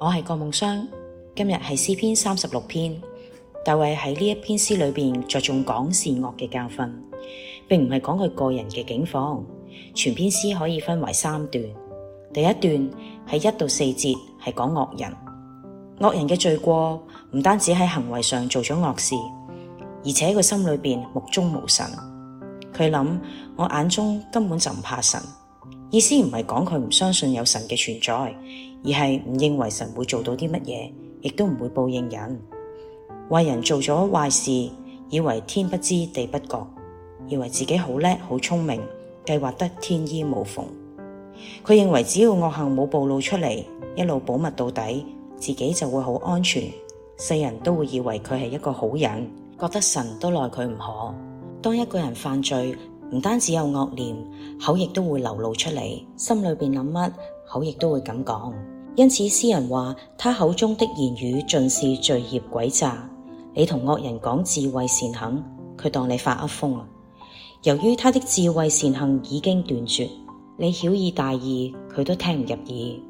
我係郭夢雙，今日係詩篇三十六篇。大衛喺呢一篇詩裏面着重講善惡嘅教訓，並唔係講佢個人嘅境況。全篇詩可以分為三段，第一段係一到四節，係講惡人。惡人嘅罪過唔單止喺行為上做咗惡事，而且喺佢心裏面目中無神，佢諗我眼中根本就唔怕神。意思唔係講佢唔相信有神嘅存在，而係唔認為神會做到啲乜嘢，亦都唔會報應人。壞人做咗壞事，以為天不知地不覺，以為自己好叻好聰明，計劃得天衣無縫。佢認為只要惡行冇暴露出嚟，一路保密到底，自己就會好安全，世人都會以為佢係一個好人，覺得神都奈佢唔可。當一個人犯罪。唔單只有惡念，口亦都會流露出嚟。心裏邊諗乜，口亦都會咁講。因此，詩人話，他口中的言語盡是罪孽詭詐。你同惡人講智慧善行，佢當你發噏風。啦。由於他的智慧善行已經斷絕，你曉以大義，佢都聽唔入耳。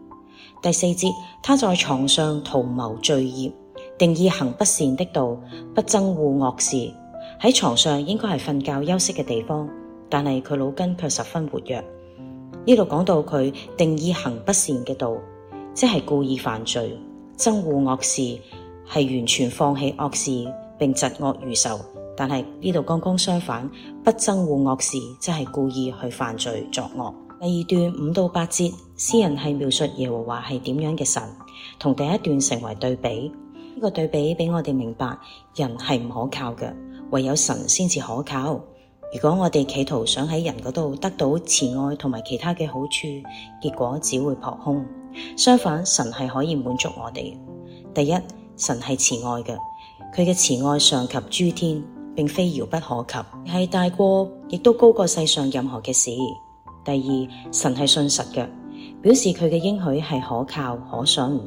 第四節，他在床上圖謀罪孽，定意行不善的道，不憎惡惡事。喺床上應該係瞓覺休息嘅地方，但係佢腦筋卻十分活躍。呢度講到佢定意行不善嘅道，即係故意犯罪、憎惡惡事，係完全放棄惡事並嫉惡如仇。但係呢度剛剛相反，不憎惡惡事，即係故意去犯罪作惡。第二段五到八節，詩人係描述耶和華係點樣嘅神，同第一段成為對比。呢、這個對比俾我哋明白，人係唔可靠嘅，唯有神先至可靠。如果我哋企圖想喺人嗰度得到慈愛同埋其他嘅好處，結果只會撲空。相反，神係可以滿足我哋嘅。第一，神係慈愛嘅，佢嘅慈愛上及諸天，並非遙不可及，係大過，亦都高過世上任何嘅事。第二，神係信實嘅，表示佢嘅應許係可靠可信。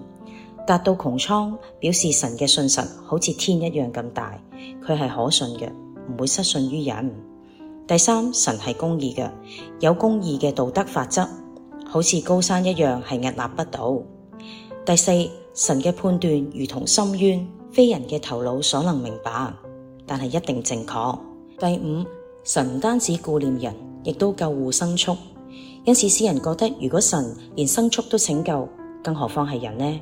達到穹蒼，表示神嘅信實好似天一樣咁大，佢係可信嘅，唔會失信於人。第三，神係公義嘅，有公義嘅道德法則，好似高山一樣係屹立不倒。第四，神嘅判斷如同深淵，非人嘅頭腦所能明白，但係一定正確。第五，神唔單止顧念人，亦都救護牲畜，因此詩人覺得如果神連牲畜都拯救，更何況係人呢？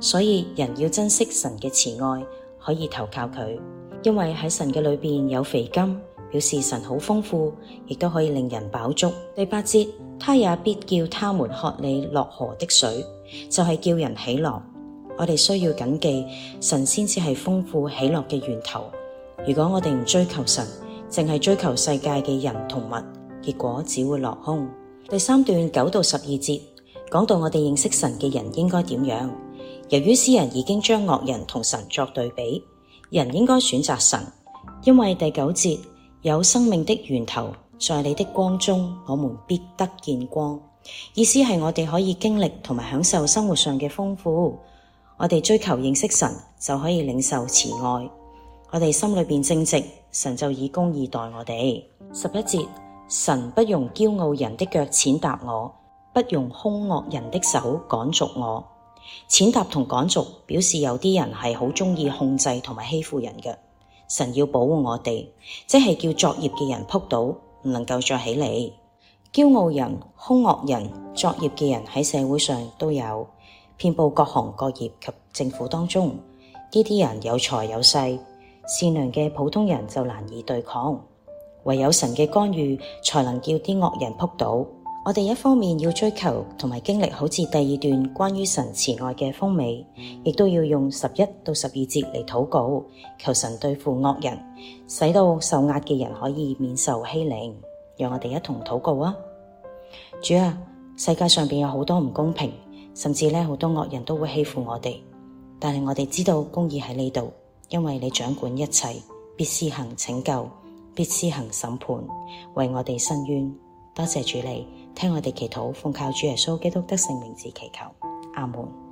所以人要珍惜神嘅慈愛，可以投靠佢，因為喺神嘅裏邊有肥金。表示神好豐富，亦都可以令人飽足。第八節，他也必叫他們喝你樂河的水，就係、是、叫人喜樂。我哋需要謹記，神先至係豐富喜樂嘅源頭。如果我哋唔追求神，淨係追求世界嘅人同物，結果只會落空。第三段九到十二節講到我哋認識神嘅人應該點樣。由於詩人已經將惡人同神作對比，人應該選擇神，因為第九節。有生命的源頭，在你的光中，我們必得見光。意思係我哋可以經歷同埋享受生活上嘅豐富。我哋追求認識神，就可以領受慈愛。我哋心裏面正直，神就以公義待我哋。十一節，神不容驕傲人的腳踐踏我，不容凶惡人的手趕逐我。踐踏同趕逐表示有啲人係好中意控制同埋欺負人嘅。神要保護我哋，即係叫作孽嘅人仆倒，唔能夠再起嚟。驕傲人、兇惡人、作孽嘅人喺社會上都有，遍布各行各業及政府當中。呢啲人有財有勢，善良嘅普通人就難以對抗，唯有神嘅干預，才能叫啲惡人仆倒。我哋一方面要追求同埋經歷好似第二段關於神慈愛嘅豐美，亦都要用十一到十二節嚟禱告，求神對付惡人，使到受壓嘅人可以免受欺凌。讓我哋一同禱告啊！主啊，世界上邊有好多唔公平，甚至呢好多惡人都會欺負我哋。但係我哋知道公義喺呢度，因為你掌管一切，必施行拯救，必施行審判，為我哋伸冤。多謝主你。聽我哋祈禱，奉靠主耶穌基督得勝名字祈求，阿門。